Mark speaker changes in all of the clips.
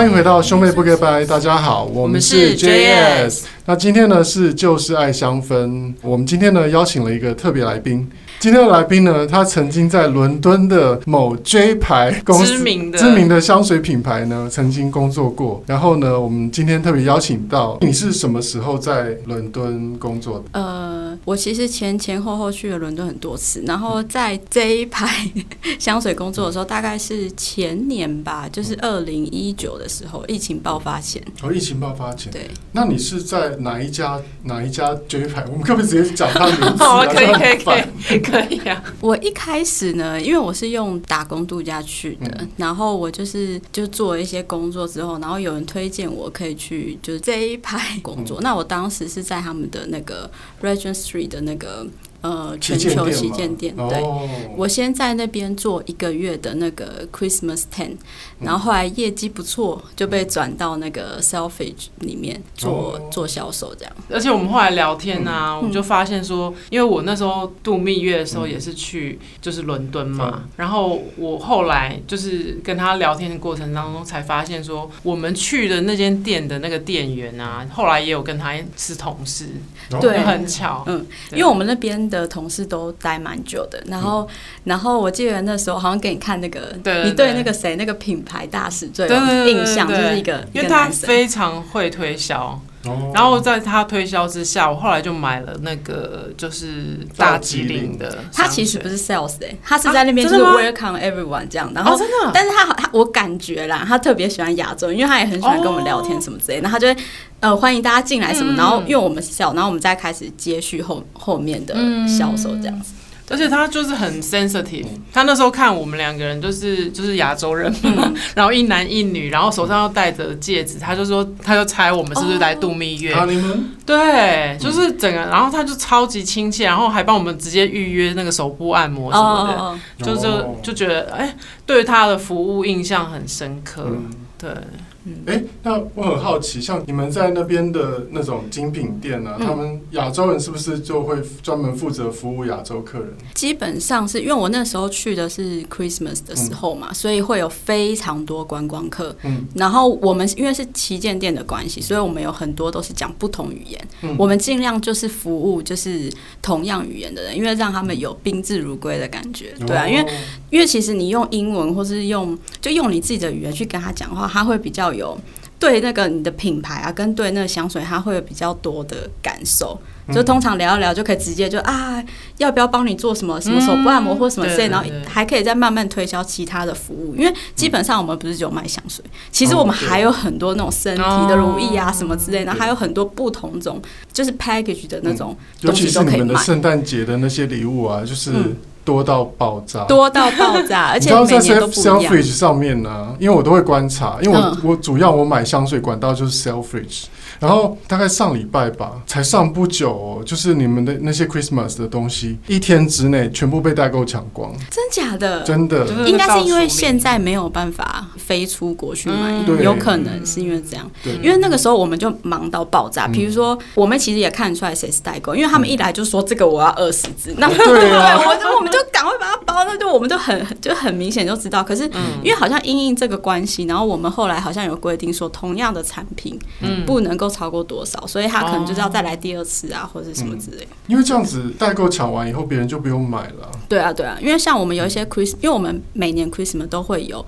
Speaker 1: 歡迎回到兄妹不給掰大家好，嗯、我們是,我們是 JS, JS。那今天呢是就是愛香氛，我們今天呢邀請了一個特別來賓。今天的來賓呢，他曾經在倫敦的某 J 牌公司知，知名的香水品牌呢曾經工作過。然後呢，我們今天特別邀請到你，是什麼時候在倫敦工作的？
Speaker 2: 嗯呃我其實前前後後去了倫敦很多次，然後在 J 牌香水工作的時候，嗯、大概是前年吧，就是二零一九的時候，嗯，疫情爆發前。哦，
Speaker 1: 疫情爆發前。對。那你是在哪一家，嗯、哪一家 J 牌，我們可不可以直接講他名字？好啊， 啊啊，可以可以可以 可
Speaker 2: 以啊。 我一開始呢，因為我是用打工度假去的，嗯、然後我就是就做了一些工作之後，然後有人推薦我可以去就是 J 一排工作，嗯。那我當時是在他們的那個 Regent 三的那個。呃，全球旗艦店，對，oh. 我先在那邊做一個月的那個 Christmas Ten，然後後來業績不錯，就被轉到那個 Selfridges 裡面做，oh. 做銷售這樣。而且我們後來
Speaker 3: 聊天啊、嗯，我們就發現說，因為我那時候度蜜月的時候也是去就是倫敦嘛，嗯，然後我後來就是跟他聊天的過程當中，才發現說，我們去的那間店的那個店員啊，後來也有跟他是同事，
Speaker 2: 對，oh.，很巧，嗯，因為我們那邊。的同事都待蠻久的，然後、嗯，然後我記得那時候好像給你看那個，對對對你對那個誰那個品牌大使最有印象，就是一個，一個男生，因為他
Speaker 3: 非常會推銷。然後在他推銷之下，我後來就買了那個就是大吉嶺的。他其實不
Speaker 2: 是 sales 哎、欸，他是在那邊就是 welcome、啊、everyone 這樣，然後、啊、真的、啊，但是他他我感覺啦，他特別喜歡亞洲，因為他也很喜歡跟我們聊天什麼之類的、哦，然後他就會呃歡迎大家進來什麼，嗯、然後因為我們是 sales 然後我們再開始接續後後面的銷售這樣子。嗯而且他就是很 sensitive，他那時候看我們兩個人就是
Speaker 3: 就是亞洲人， 然後一男一女，然後手上又戴着戒指，他就說他就猜我們是不是來度蜜月。
Speaker 1: Oh.
Speaker 3: 對，就是整個，然後他就超級親切，然後還幫我們直接預約那個手部按摩什麼的，oh. 就就是、就覺得哎、欸，對他的服務印象很深刻，oh. 對。
Speaker 1: 哎、欸，那我很好奇，像你們在那邊的那種精品店啊，嗯、他們亞洲人是不是就會專門負責服務亞洲客人？
Speaker 2: 基本上是因為我那時候去的是 Christmas 的時候嘛、嗯，所以會有非常多觀光客。嗯，然後我們因為是旗艦店的關係，所以我們有很多都是講不同語言。嗯、我們盡量就是服務就是同樣語言的人，因為讓他們有賓至如歸的感覺，嗯、對啊，哦、因為。因為其實你用英文，或是用就用你自己的語言去跟他講話，他會比較有對那個你的品牌啊，跟對那個香水，他會有比較多的感受。嗯、就通常聊一聊，就可以直接就啊，要不要幫你做什麼什麼手部按摩或什麼之類，嗯、對對對，然後還可以再慢慢推銷其他的服務。對對對，因為基本上我們不是只有賣香水，嗯，其實我們還有很多那種身體的乳液啊什麼之類的，嗯、還有很多不同種就是 package 的那種東西都可以買。尤其是你們的聖
Speaker 1: 誕節的那些禮物啊，就是、嗯。多到爆炸， 多
Speaker 2: 到爆炸， 而且每年都不一樣。你知道在 selfridge
Speaker 1: 上面呢，因為我都會觀察，嗯、因為我我主要我買香水管道，就是 selfridge。然後大概上禮拜吧，才上不久，哦，就是你們的那些 Christmas 的東西，一天之內全部被代購搶光，
Speaker 2: 真假的？真的，就是、應該是因為現在沒有辦法飛出國去買，嗯、有可能是因為這樣，對、嗯，因為那個時候我們就忙到爆炸。嗯、比如說，我們其實也看得出來誰是代購、嗯，因為他們一來就說這個我要二十支，嗯、那、哦、對、啊、 對，我就我們就趕快把它包，那就我們就很就很明顯就知道。可是因為好像因應這個關係，然後我們後來好像有規定說，同樣的產品不能。夠超過多少？所以他可能就是要再來第二次啊，啊或者什麼之
Speaker 1: 類的、嗯。因為這樣子代購搶完以後，別人就不用買了、啊。
Speaker 2: 對啊，對啊，因為像我們有一些 Christ,、嗯、因為我們每年 Christmas 都會有，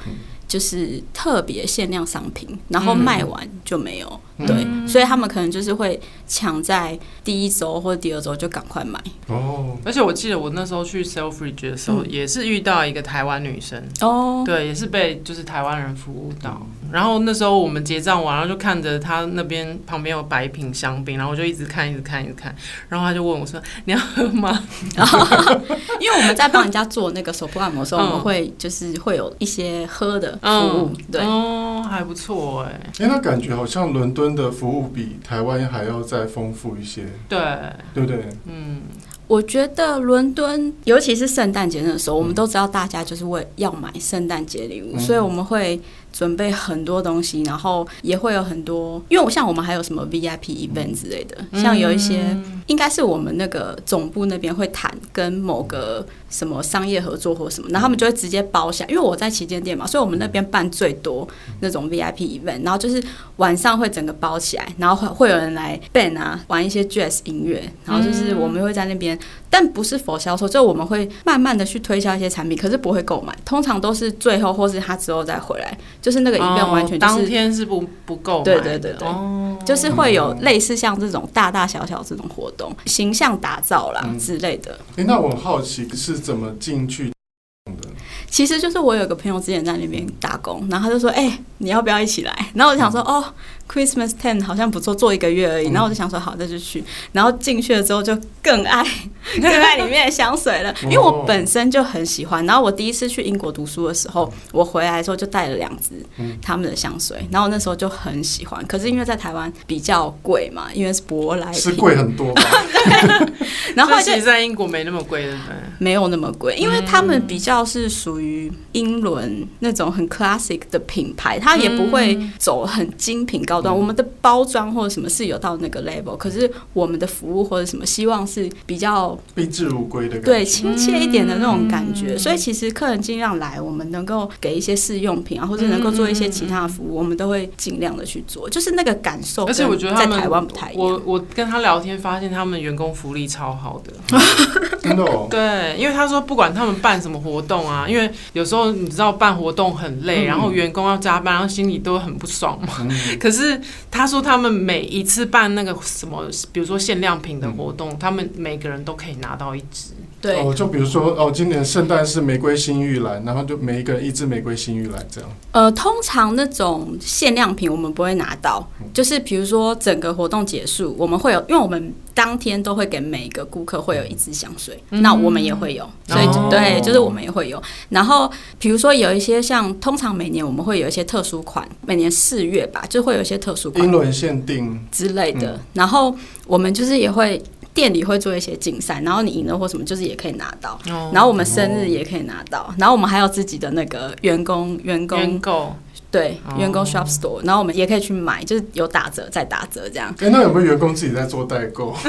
Speaker 2: 就是特別限量商品，然後賣完就沒有。嗯嗯對、嗯，所以他們可能就是會搶在第一周或者第二周就趕快買。
Speaker 3: 哦，而且我記得我那時候去 Selfridge 的時候，也是遇到一個台灣女生。哦，對，也是被就是台灣人服務到。然後那時候我們結賬完，然後就看着他那邊旁邊有白瓶香檳，然後我就一直看，一直看，一直看。然後他就問我說：“你要喝嗎？”
Speaker 2: 因為我們在幫人家做那個手部按摩的時候，我們會就是會有一些喝的服務。嗯、對哦、嗯，還不錯哎、欸，為、
Speaker 1: 欸、他感覺好像倫敦的服務比台灣還要再豐富一些，對，對不對？
Speaker 2: 嗯，我覺得倫敦，尤其是聖誕節的時候，我們都知道大家就是為、嗯、要買聖誕節禮物、嗯，所以我們會。準備很多東西，然後也會有很多，因為我像我們還有什麼 VIP event 之類的、嗯，像有一些應該是我們那個總部那邊會談跟某個什麼商業合作或什麼，然後他們就會直接包下來，因為我在旗艦店嘛，所以我們那邊辦最多那種 VIP event，然後就是晚上會整個包起來，然後會會有人來 ban 啊，玩一些 jazz 音樂，然後就是我們會在那邊，但不是佛銷售，所以我們會慢慢的去推銷一些產品，可是不會購買，通常都是最後或是他之後再回來。就是那個飲料、哦，完全、就是、當天
Speaker 3: 是不不夠的對對
Speaker 2: 對，對、哦，就是會有類似像這種大大小小這種活動、嗯、形象打造啦、嗯、之類的。
Speaker 1: 哎、欸，那我好奇是怎麼進去的、嗯？
Speaker 2: 其實就是我有個朋友之前在那邊打工，然後他就說：“哎、欸，你要不要一起來？”然後我就想說：“嗯、哦。” Christmas Ten 好像不錯，做一個月而已。然後我就想說，好，那就去。然後進去了之後，就更愛更愛裡面的香水了，因為我本身就很喜歡。然後我第一次去英國讀書的時候，我回來的時候就帶了兩支他們的香水。然後我那時候就很喜歡。可是因為在台灣比較貴嘛，因為是舶來品，是貴很多。 然後其實，在
Speaker 3: 英國沒那麼貴的，
Speaker 2: 沒有那麼貴，因為他們比較是屬於英倫那種很 classic 的品牌，他也不會走很精品高。嗯、我們的包裝或者什麼是有到那個 level，可是我們的服務或者什麼希望是比較
Speaker 1: 賓至如歸的感覺，對，親切一
Speaker 2: 點的那種感覺。嗯嗯、所以其實客人盡量來，我們能夠給一些試用品啊，或者能夠做一些其他的服務，嗯嗯、我們都會盡量的去做，就是那個感受。而且我
Speaker 3: 覺得他們在台灣不太一樣。我我跟他聊天，發現他們員工福利超好的，嗯、真的哦。對，因為他說不管他們辦什麼活動啊，因為有時候你知道辦活動很累，然後員工要加班，然後心裡都很不爽嘛。嗯、可是他說，他們每一次辦那個什麼，比如說限量品的活動，嗯、他們每個人都可以拿到一
Speaker 1: 支。對哦，就比如說哦，今年聖誕是玫瑰新玉蘭，然後就每一個一支玫瑰新玉蘭這樣。
Speaker 2: 呃，通常那種限量品我們不會拿到，就是比如說整個活動結束，我們會有，因為我們當天都會給每一個顧客會有一支香水、嗯，那我們也會有，所以、哦、對，就是我們也會有。然後比如說有一些像，通常每年我們會有一些特殊款，每年四月吧，就會有一些特殊款，英倫限定之類的、嗯。然後我們就是也會。店裡會做一些競賽，然後你贏了或什麼，就是也可以拿到。Oh. 然後我們生日也可以拿到。Oh. 然後我們還有自己的那個員工員工購，對、oh. 員工 shop store，然後我們也可以去買，就是有打折再打折這樣。哎、欸，那有
Speaker 1: 沒有員工自己在做代購？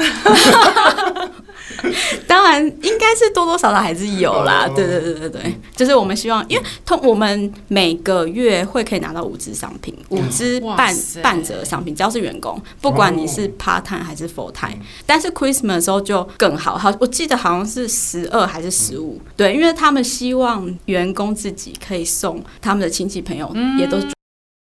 Speaker 2: 當然，應該是多多少少還是有啦。對對對對對,對，就是我們希望，因為通我們每個月會可以拿到五支商品，五支半半折商品，只要是員工，不管你是 Part Time 還是 Full Time，但是 Christmas 的時候就更好。好，我記得好像是十二還是十五，對，因為他們希望員工自己可以送他們的親戚朋友，也都是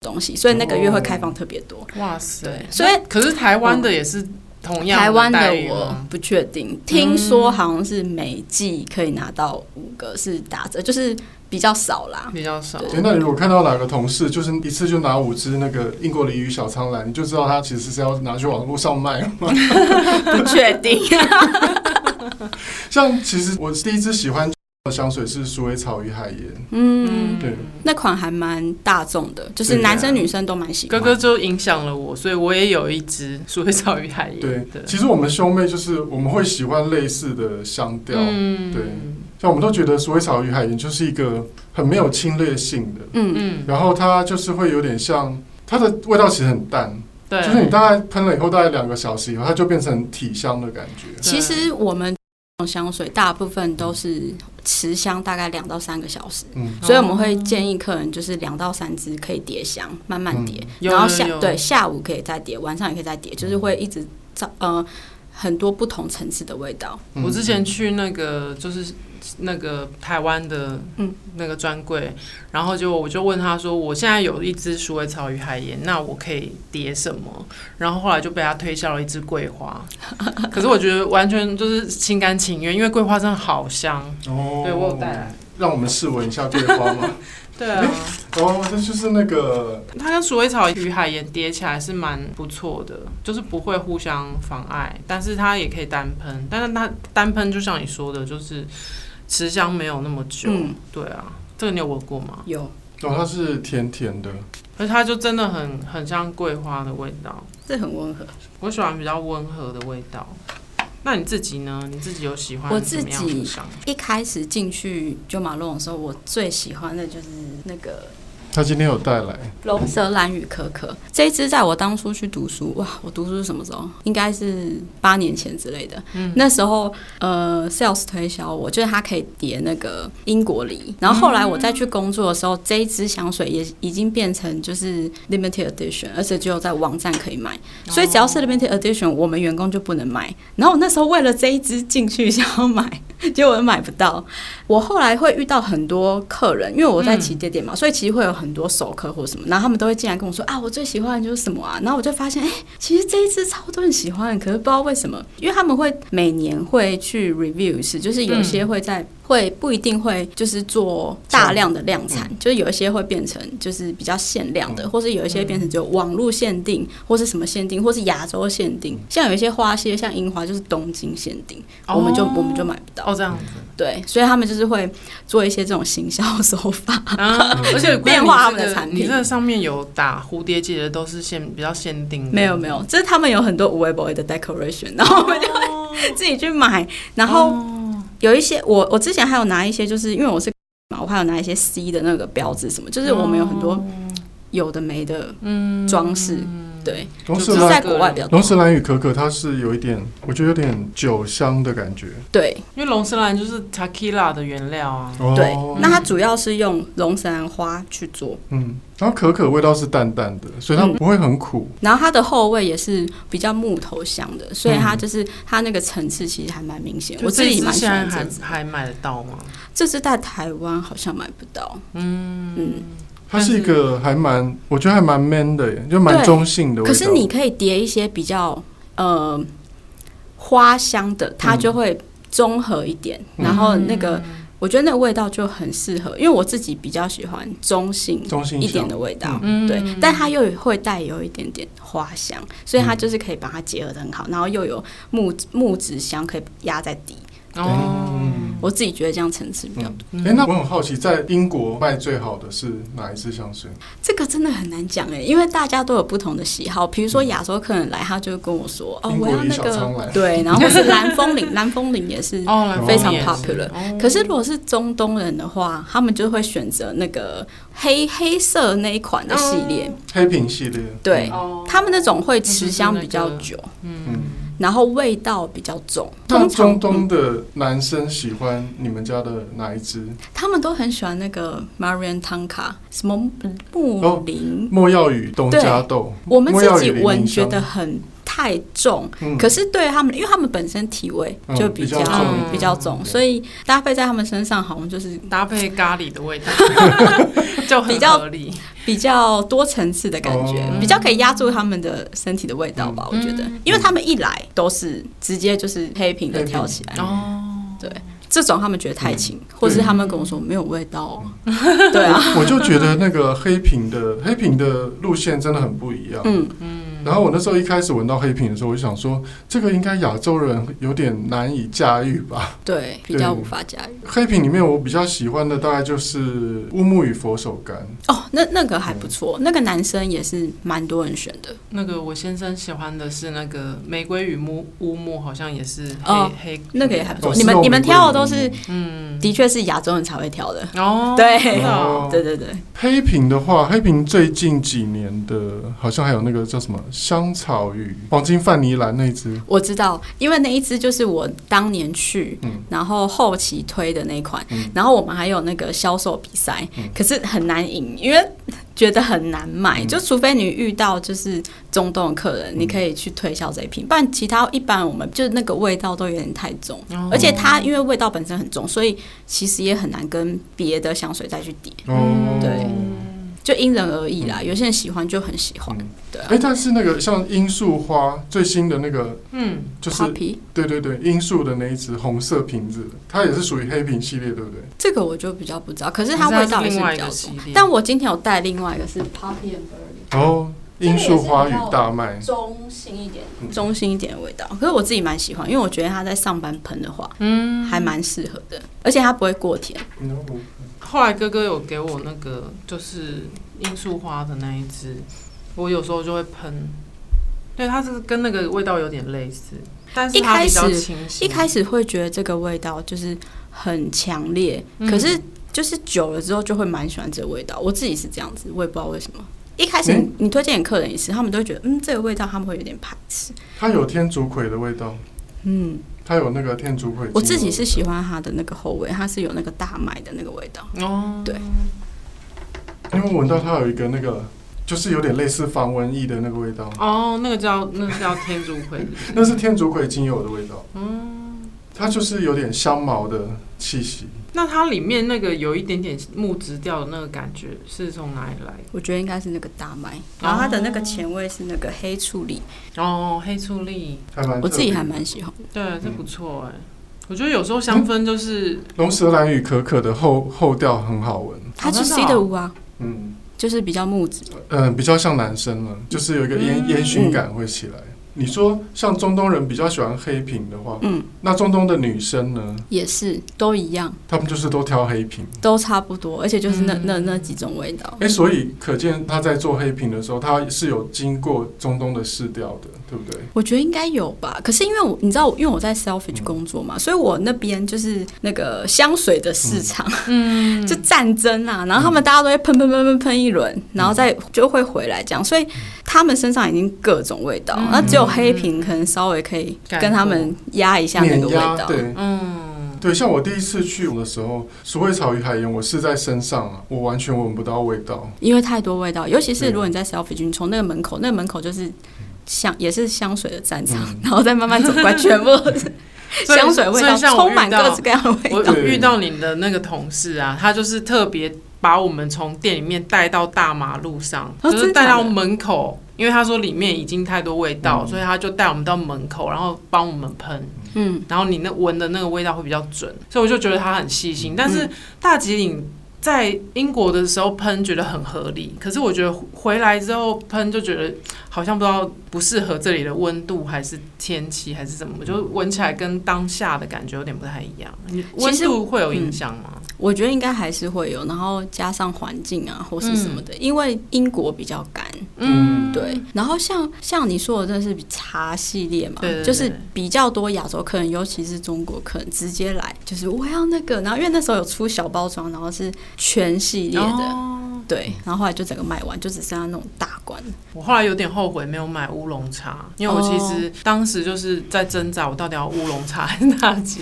Speaker 2: 東西，所以那個月會開放特別多。哇塞！所以可是台灣的也是。
Speaker 3: 同樣台灣的我
Speaker 2: 不確定、嗯，聽說好像是每季可以拿到五個是打折，就是比較少啦。比較少。欸、那
Speaker 1: 你如果看到哪個同事就是一次就拿五只那個英國梨與小蒼蘭，你就知道他其實是要拿去網絡上賣了
Speaker 2: 嗎？不確定。
Speaker 1: 像其實我第一次喜歡。香水是鼠尾草與海鹽，嗯，對，
Speaker 2: 那款還蠻大眾的，就是男生女生都蠻喜歡。哥哥就影響了我，所以我也有一支鼠
Speaker 3: 尾草與海鹽。對，對，其實我們
Speaker 1: 兄妹就是我們會喜歡類似的香調，嗯，對，像我們都覺得鼠尾草與海鹽就是一個很沒有侵略性的，嗯嗯，然後它就是會有點像它的味道，其實很淡，對，就是你大概噴了以後，大概兩個小時以後，它就變成體香的感覺。其實
Speaker 2: 我們。香水大部分都是持香大概兩到三個小時、嗯，所以我們會建議客人就是兩到三支可以疊香、嗯，慢慢疊、嗯，然後下有了有了對下午可以再疊，晚上也可以再疊、嗯，就是會一直造呃很多不同層次的味道、嗯。我之前去
Speaker 3: 那個就是。那個台灣的那個專櫃、嗯，然後就我就問他說：“我現在有一支鼠尾草與海鹽，那我可以疊什麼？”然後後來就被他推銷了一支桂花， 可是我覺得完全就是心甘情願，因為桂花真的好香。哦，
Speaker 1: 對，我有帶來。讓我們試聞一下桂花嗎？ 對啊。哦，這就是那個。
Speaker 3: 它跟鼠尾草與海鹽疊起來是蠻不錯的，就是不會互相妨礙，但是它也可以單噴。但是它單噴就像你說的，就是。持香沒有那麼久、嗯，對啊，這個你有聞過嗎？有，
Speaker 1: 哦、嗯，它是甜甜的，
Speaker 3: 而且它就真的很很像桂花的味道，是很溫和。我喜歡比較溫和的味道，那你自己呢？你自己有喜歡怎
Speaker 2: 麼樣？我自己一開始進去 Jo Malone 的時候，我最喜歡的就是那個。
Speaker 1: 他今天有帶來龍舌
Speaker 2: 蘭與可可這一支，在我當初去讀書，哇，我讀書是什麼時候？應該是八年前之類的。嗯，那時候呃，sales 推銷我，就是它可以疊那個英國梨。然後後來我再去工作的時候，嗯、這一支香水也已經變成就是 limited edition，而且只有在網站可以買。所以只要是 limited edition，我們員工就不能買。然後我那時候為了這一支進去想要買，結果我買不到。我後來會遇到很多客人，因為我在旗艦店嘛、嗯，所以其實會有。很多熟客或什麼，然後他們都會進來跟我說啊，我最喜歡的就是什麼啊，然後我就發現哎、欸，其實這一支超多人喜歡，可是不知道為什麼，因為他們會每年會去 review 一次，就是有一些會在會不一定會就是做大量的量產，嗯、就是有一些會變成就是比較限量的，嗯、或者有一些變成就網絡限定，或是什麼限定，或是亞洲限定、嗯，像有一些花系像櫻花就是東京限定，哦、我們就我們就買不到哦這樣對，對，所以他們就是會做一些這種行銷手法，嗯、而且 變化。這個、他們的產品，那上面有打蝴蝶結的，都是限比較限定的。沒有沒有，就是他們有很多無為 boy 的 decoration，然後我們就會自己去買。Oh. 然後有一些，我我之前還有拿一些，就是因為我是 CM, 我還有拿一些 C 的那個標誌什麼，就是我們有很多有的沒的裝飾。Oh. 嗯對就，就是在國外比較。龍
Speaker 1: 舌蘭與可可，它是有一點，我覺得有點酒香的感覺。
Speaker 2: 對，因為龍舌蘭就是 tequila 的原料啊。對，嗯、那它主要是用龍舌蘭花去
Speaker 1: 做。嗯，然後可可味道是淡淡的，所以它不會很苦。
Speaker 2: 嗯、然後它的後味也是比較木頭香的，所以它就是、嗯、它那個層次其實還蠻明顯。這我自己蠻喜歡這支現在還，還買得到嗎？這是在台灣好像買不到。嗯。嗯
Speaker 1: 它是一個還蠻，我覺得還蠻 man 的，就蠻中性的味道。可是你
Speaker 2: 可以疊一些比較呃花香的，它就會綜合一點、嗯。然後那個我覺得那個味道就很適合、嗯，因為我自己比較喜歡中性、中性一點的味道，嗯、對、嗯。但它又會帶有一點點花香，所以它就是可以把它結合得很好，然後又有木木質香可以壓在底。對哦。我自己覺得這樣層次比較多。哎、嗯，欸，那我很
Speaker 1: 好奇，在英國賣最好的是哪一支香水？
Speaker 2: 這個真的很難講。哎、欸，因為大家都有不同的喜好。比如說亞洲客人來，嗯、他就會跟我說：“哦，我要那個對。”然後是藍風鈴，藍 風鈴也是非常 popular，哦哦。可是如果是中東人的話，他們就會選擇那個黑黑色那一款的系列，哦、
Speaker 1: 黑瓶系列。
Speaker 2: 對、哦，他們那種會持香比較久。那個、嗯。嗯然後味道比較重通常。那中東
Speaker 1: 的男生喜歡你們家的哪一支、嗯？
Speaker 2: 他們都很喜歡那個 Marion Tongka，什麼木林、
Speaker 1: 哦、莫耀宇、東加豆，我們自己聞覺得
Speaker 2: 很。太重，可是對他們、嗯，因為他們本身體味就比較、嗯、比較重，、嗯比較重嗯，所以搭配在他們身上好像就是搭配咖喱的味道， 就很合理比較比較多層次的感覺，哦、比較可以壓住他們的身體的味道吧。嗯、我覺得、嗯，因為他們一來都是直接就是黑瓶的跳起來哦，對，這種他們覺得太輕、嗯，或者是他們跟我說沒有味道，對，、嗯、對啊我，我就覺
Speaker 1: 得那個黑瓶的 黑瓶的路線真的很不一樣，嗯嗯。然後我那時候一開始聞到黑瓶的時候，我就想說，這個應該亞洲人有點難以駕馭吧？
Speaker 2: 對，比較無法駕馭。黑瓶裡
Speaker 1: 面我比較喜歡的大概就是烏木與佛手柑。
Speaker 2: 哦，那那個還不錯、嗯，那個男生也是蠻多人選的。
Speaker 3: 那個我先生喜歡的是那個玫瑰與烏木，烏木好像也是黑、哦、黑。那個也還不錯。哦、你們你們挑的都是
Speaker 2: 嗯，的確是亞洲人才會挑的。哦，對，哦、 對對對。
Speaker 1: 黑瓶的話，黑瓶最近幾年的，好像還有那個叫什麼？香草與，黃金范尼蘭那支
Speaker 2: 我知道，因為那一支就是我當年去、嗯，然後後期推的那一款、嗯，然後我們還有那個銷售比賽、嗯，可是很難贏，因為覺得很難買、嗯，就除非你遇到就是中東的客人，嗯、你可以去推銷這一瓶，不然其他一般我們就是那個味道都有點太重、嗯，而且它因為味道本身很重，所以其實也很難跟別的香水再去疊、嗯，對。哦就因人而異啦，嗯，有些人喜歡就很喜歡，嗯，
Speaker 1: 對啊。哎，但是那個像罌粟花最新的那個，
Speaker 2: 嗯，
Speaker 1: 就是，對對對，罌粟的那一隻紅色瓶子，嗯，它也是屬於黑瓶系列，對不對？
Speaker 2: 這個我就比較不知道，可是它味道也是比較重，但我今天有帶另外一個是 Poppy
Speaker 1: and Berry。哦，罌粟花與大麥，這個嗯。
Speaker 2: 中性一點。中性一點的味道，可是我自己蠻喜歡，因為我覺得它在上班噴的話的，嗯，還蠻適合的，而且它不會過甜。嗯嗯
Speaker 3: 後來哥哥有給我那個，就是罌粟花的那一支，我有時候就會噴。對，它是跟那個味道有點類似，但是一開始一開
Speaker 2: 始會覺得這個味道就是很強烈、嗯，可是就是久了之後就會蠻喜歡這個味道。我自己是這樣子，我也不知道為什麼。一開始你、嗯、你推薦給客人一次，他們都覺得嗯這個味道他們會有點排
Speaker 1: 斥。它有天竺葵的味道。嗯。嗯它有那個天竺葵，我自己是
Speaker 2: 喜歡它的那個後味，它是有那個大麥的那個味道哦、嗯，對，
Speaker 1: 因為聞到它有一個那個，就是有點類似防蚊液的那個味道
Speaker 2: 哦，那個叫那
Speaker 3: 是、個、叫天竺葵
Speaker 1: 是不是？ 那是天竺葵精油的味道，嗯。它就是有點香茅的氣息。
Speaker 2: 那它裡面那個有一點點木質調的那個感覺是從哪裡來？我覺得應該是那個大麥、嗯，然後它的那個前味是那個黑醋栗。哦，黑醋栗，
Speaker 3: 我自己還蠻喜歡，對，
Speaker 2: 這不錯哎、欸嗯。我覺得有時候香氛就是
Speaker 1: 龍舌蘭與可可的後後調很好聞。它、哦、是 C 的五啊。嗯，
Speaker 2: 就是比較木質。
Speaker 1: 嗯，比較像男生了，就是有一個煙煙燻感會起來。你說像中東人比較喜歡黑瓶的話，嗯，那中東的女生呢？
Speaker 2: 也是，都一樣。
Speaker 1: 他們就是都挑黑瓶，
Speaker 2: 都差不多，而且就是那、嗯、那那幾種味道。哎、欸，所以
Speaker 1: 可見他在做黑瓶的時候，他是有經過中東的試調的，對不對？
Speaker 2: 我覺得應該有吧。可是因為我你知道，因為我在 Selfridges 工作嘛、嗯，所以我那邊就是那個香水的市場，嗯， 就戰爭啊，然後他們大家都會噴噴噴噴噴一輪、嗯，然後再就會回來這樣，所以他們身上已經各種味道，那、嗯、只有。有黑瓶可能稍微可以跟他們壓一下那個味道，
Speaker 1: 對，嗯，對。像我第一次去的時候，鼠尾草與海鹽，我是在身上啊，我完全聞不到味道，
Speaker 2: 因為太多味道。尤其是如果你在 Selfridges 從那個門口，那個門口就是香，也是香水的戰場，嗯、戰場，然後再慢慢走，完全聞不到香水味道，像我遇到充滿各式各
Speaker 3: 樣味道。我遇到你的那個同事啊，他就是特別把我們從店裡面帶到大馬路上，他、哦、就是帶到門口。因為他說裡面已經太多味道，嗯，所以他就帶我們到門口，然後幫我們噴。嗯，然後你那聞的那個味道會比較準，所以我就覺得他很細心。但是大吉嶺在英國的時候噴覺得很合理，可是我覺得回來之後噴就覺得好像不知道不適合這裡的溫度還是天氣還是什麼，就聞起來跟當下的感覺有點不太一樣。
Speaker 2: 溫度會有影響嗎？我覺得應該還是會有，然後加上環境啊，或是什麼的，嗯，因為英國比較乾，嗯，對。然後像像你說的，這是茶系列嘛，對，對，就是比較多亞洲客人，尤其是中國客人直接來，就是我要那個。然後因為那時候有出小包裝，然後是全系列的，哦，對。然後後來就整個賣完，就只剩下那種大。我
Speaker 3: 後來有點後悔沒有買烏龍茶，因為我其實當時就是在掙扎，我到底要烏龍茶還是大吉？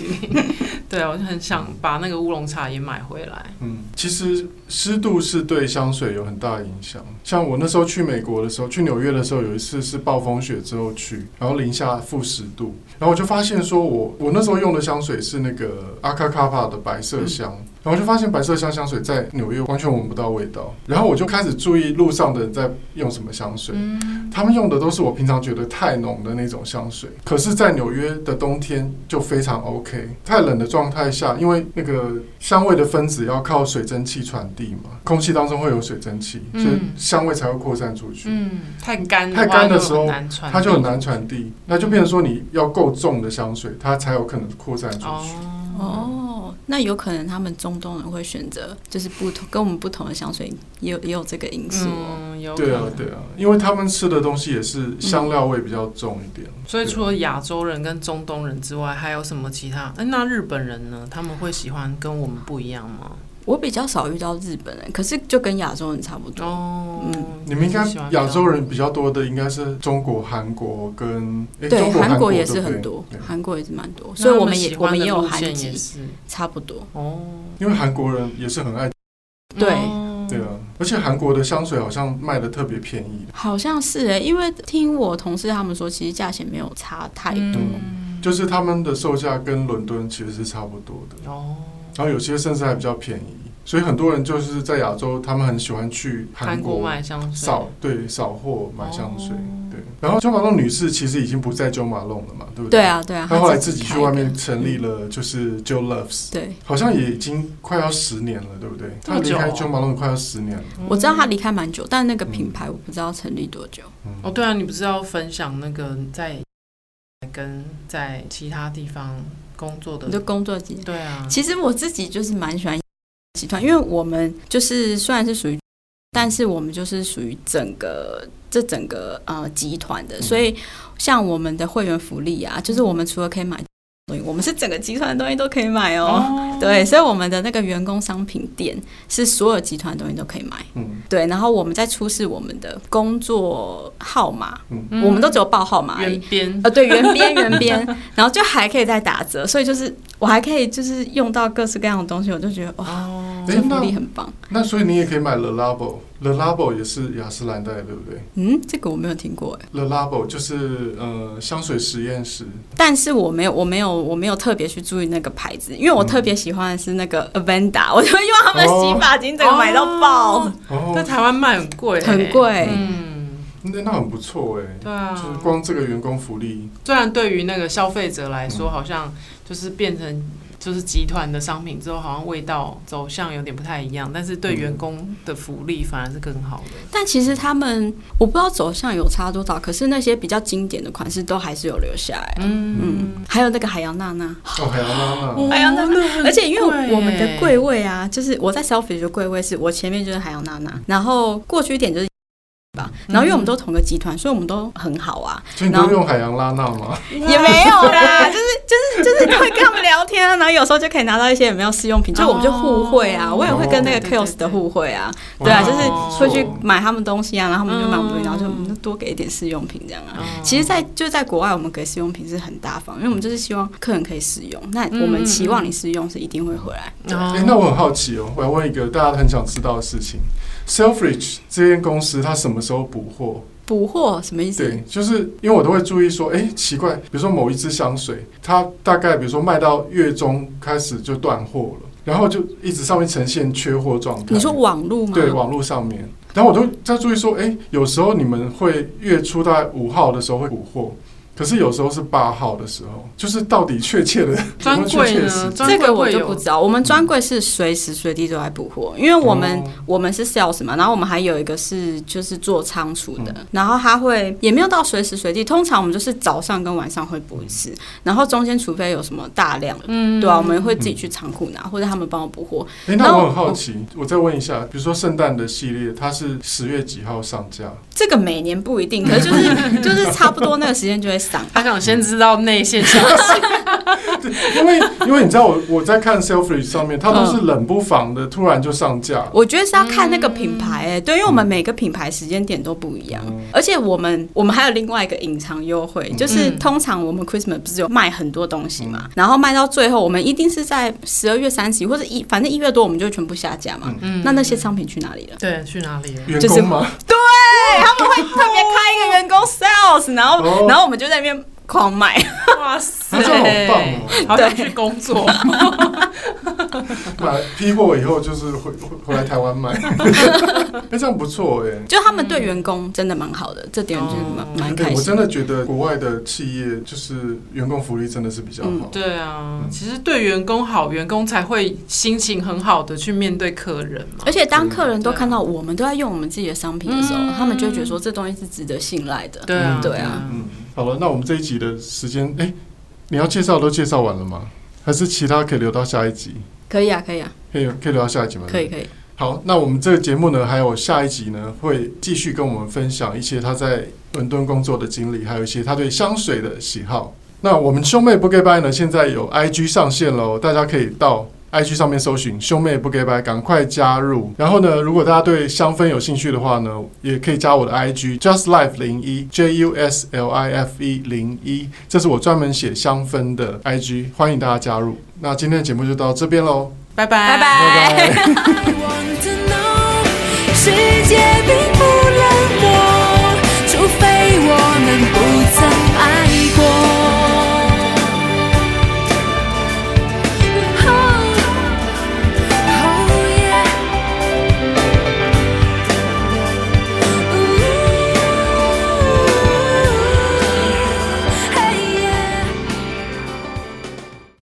Speaker 3: 對啊，我就很想把那個烏龍茶也買回來。
Speaker 1: 嗯，其實濕度是對香水有很大的影響。像我那時候去美國的時候，去紐約的時候，有一次是暴風雪之後去，然後零下負十度，然後我就發現說我，我我那時候用的香水是那個阿卡卡帕的白色香。嗯然後就發現白色香香水在紐約完全聞不到味道，然後我就開始注意路上的人在用什麼香水，嗯、他們用的都是我平常覺得太濃的那種香水，可是，在紐約的冬天就非常 OK。太冷的狀態下，因為那個香味的分子要靠水蒸氣傳遞嘛，空氣當中會有水蒸氣，嗯，所以香味才會擴散出去。嗯，
Speaker 3: 太乾，太乾的時候的話就很難傳遞，它就很
Speaker 1: 難傳遞，嗯，那就變成說你要夠重的香水，它才有可能擴散出去。嗯、哦。嗯
Speaker 2: 那有可能他們中東人會選擇就是不同，跟我們不同的香水也，也有也有這個因素喔。嗯，有
Speaker 3: 對啊對
Speaker 1: 啊，因為他們吃的東西也是香料味比較重一點。嗯，所以除了
Speaker 3: 亞洲人跟中東人之外，還有什麼其他？欸，那日本人呢？他
Speaker 2: 們會喜歡跟我們不一樣嗎？我比較少遇到日本人，欸，可是就跟亞洲人差
Speaker 1: 不多。哦，嗯，你們應該亞洲人比較多的應該是中國、韓國跟，欸、對，韓國也是很多，
Speaker 2: 韓國也是蠻多，所以我們也，們也我們也有韓籍，
Speaker 1: 差不多哦。因為韓國人也是很愛對、哦、對啊，而且韓國的香水好像賣的特別便宜，
Speaker 2: 好像是哎、欸，因為聽我同事他們說，其實價錢沒有差太多，嗯嗯、
Speaker 1: 就是他們的售價跟倫敦其實是差不多的哦。然後有些甚至還比較便宜，所以很多人就是在亞洲，他們很喜歡去韓國買香水，掃對掃貨買香水，哦、對。然後 Jo Malone 女士其實已經不在 Jo Malone 了嘛，對不對？對啊，對啊。她後來自己，自己去外面成立了，就是 Jo Loves，對，好像也已經快要十年了，對不對？她、啊、離開 Jo Malone 快要十年了，我知道她離
Speaker 2: 開蠻久，但那個品牌我不知道成立多久，嗯嗯。哦，對啊，你不是要分享那個
Speaker 3: 在跟在其他地方？工作的，你的工
Speaker 2: 作幾年？對啊，其實我自己就是蠻喜歡集團，因為我們就是雖然是屬於，但是我們就是屬於整個這整個呃集團的，所以像我們的會員福利啊，就是我們除了可以買。我們是整個集團的東西都可以買哦、喔 oh.，對，所以我們的那個員工商品店是所有集團的東西都可以買，嗯，對，然後我們在出示我們的工作號碼，
Speaker 1: 嗯，我們都
Speaker 2: 只有報號碼，員編，呃，對，員編員編，然後就還可以再打折，所以就是我還可以就是用到各式各樣的東西，我就覺得哇、oh.，福利很棒、
Speaker 1: 欸，那。那所以你也可以買 Le Labo Le Labo 也是雅詩蘭黛，對不對？嗯，這個我沒有聽過哎、欸。Le Labo 就是呃香水實驗室，
Speaker 2: 但是我沒有，我沒有，我沒有特別去注意那個牌子，因為我特別喜歡的是那個 Avenda，、嗯、我就會用他們的洗髮精整個買到爆，
Speaker 1: 在、哦哦、台灣賣很貴、欸，很貴。嗯，那很不錯哎、欸，對啊，就是、光這個員工福利，
Speaker 3: 雖然對於那個消費者來說、嗯，好像就是變成。就是集團的商品之後，好像味道走向有點不太一樣，但是對員工的福利反而是更好的。嗯，
Speaker 2: 但其實他們，我不知道走向有差多少，可是那些比較經典的款式都還是有留下來。嗯，嗯，還有那個海洋娜娜，哦，海洋娜娜，哦，海洋娜娜，海洋娜娜，而且因為我們的櫃位啊，就是我在 Selfridges 櫃位是，我前面就是海洋娜娜，然後過去一點就是吧，然後因為我們都同個集團，所以我們都很好啊。嗯、所以你都用海
Speaker 1: 洋拉娜嗎？ 也沒有啦， 就是
Speaker 2: 就是就是會跟他們聊天啊，然後有時候就可以拿到一些有沒有試用品，就我們就互惠啊，哦、我也會跟那個 Kiehl's 的互惠啊，哦、對啊、哦，就是出去買他們東西啊，然後他們就買我們東西，然後就我們就多給一點試用品這樣啊。嗯、其實在，在就在國外，我們給試用品是很大方，因為我們就是希望客人可以試用，那我們期望你試用是
Speaker 1: 一定會回來。哎、嗯嗯欸，那我很好奇哦、喔，我要問一個大家很想知道的事情。Selfridge 這間公司它什麼時候補貨？補貨什麼意思？對，就是因為我都會注意說，哎、欸，奇怪，比如說某一支香水，它大概比如說賣到月中開始就斷貨了，然後就一直上面呈現缺貨狀態。你說網絡嗎？對，網絡上面，然後我都在注意說，哎、欸，有時候你們會月初大概五號的時候會補貨。可是有時候是八號的時候，就是到底確切的專櫃呢？這個我就不
Speaker 2: 知道。我們專櫃是隨時隨地都在補貨，因為我們、嗯、我們是 sales 嘛，然後我們還有一個是就是做倉儲的、嗯，然後他會也沒有到隨時隨地，通常我們就是早上跟晚上會補一次、嗯，然後中間除非有什麼大量，嗯，對啊，我們會自己去倉庫拿、嗯、或者他們幫我補貨。哎、欸欸，那我很好
Speaker 1: 奇我，我再問一下，比如說聖誕的系列，它是十月幾號上架？
Speaker 2: 這個每年不一定，可是就是 就是差不多那個時間就會。他、啊、想先知道內線消息，對，
Speaker 1: 因為因為你知道我我在看 Selfridges 上面，他都是冷不防的，嗯、突然就上架。
Speaker 2: 我覺得是要看那個品牌、欸，哎、嗯，對，因為我們每個品牌時間點都不一樣，嗯、而且我們我們還有另外一個隱藏優惠，嗯、就是通常我們 Christmas 不是有賣很多東西嘛，嗯、然後賣到最後，我們一定是在十二月三十或者一反正一月多我們就全部下架嘛，嗯，那那些商品去哪裡了？對，去哪裡就是，員工嗎？對，他們會特別開一個員工 sales，然後、哦、然後我們就在。邊狂賣，哇塞！這樣很棒哦！然後再去工作 ，
Speaker 1: 買批貨以後就是回回來台灣賣。那這樣不錯哎，
Speaker 2: 就他們對員工真的蠻好的，這點真的蠻開心。我
Speaker 1: 真的覺得國外的企業就是員工福利真的是比較好。嗯，
Speaker 3: 對啊，其實對員工好，員工才會心情很好的去面對客人。
Speaker 2: 而且當客人都看到我們都在用我們自己的商品的時候，他們就會覺得說這東西是值得信賴的。嗯，對啊，對
Speaker 1: 啊，好了，那我們這一集的時間，哎、欸，你要介紹都介紹完了嗎？還是其他可以留到下一集？
Speaker 2: 可以啊，可以啊，
Speaker 1: 可以，可以留到下一集嗎？可以，可以。好，那我們這個節目呢，還有下一集呢，會繼續跟我們分享一些他在倫敦工作的經歷，還有一些他對香水的喜好。那我們兄妹不給掰呢？現在有 IG 上線嘍，大家可以到。IG 上面搜尋兄妹不給拜，趕快加入。然後呢，如果大家對香氛有興趣的話呢，也可以加我的 IG Just Life 零一，J U S L I F E 零一，這是我專門寫香氛的 IG，歡迎大家加入。那今天的節目就到這邊嘍，拜拜，拜拜。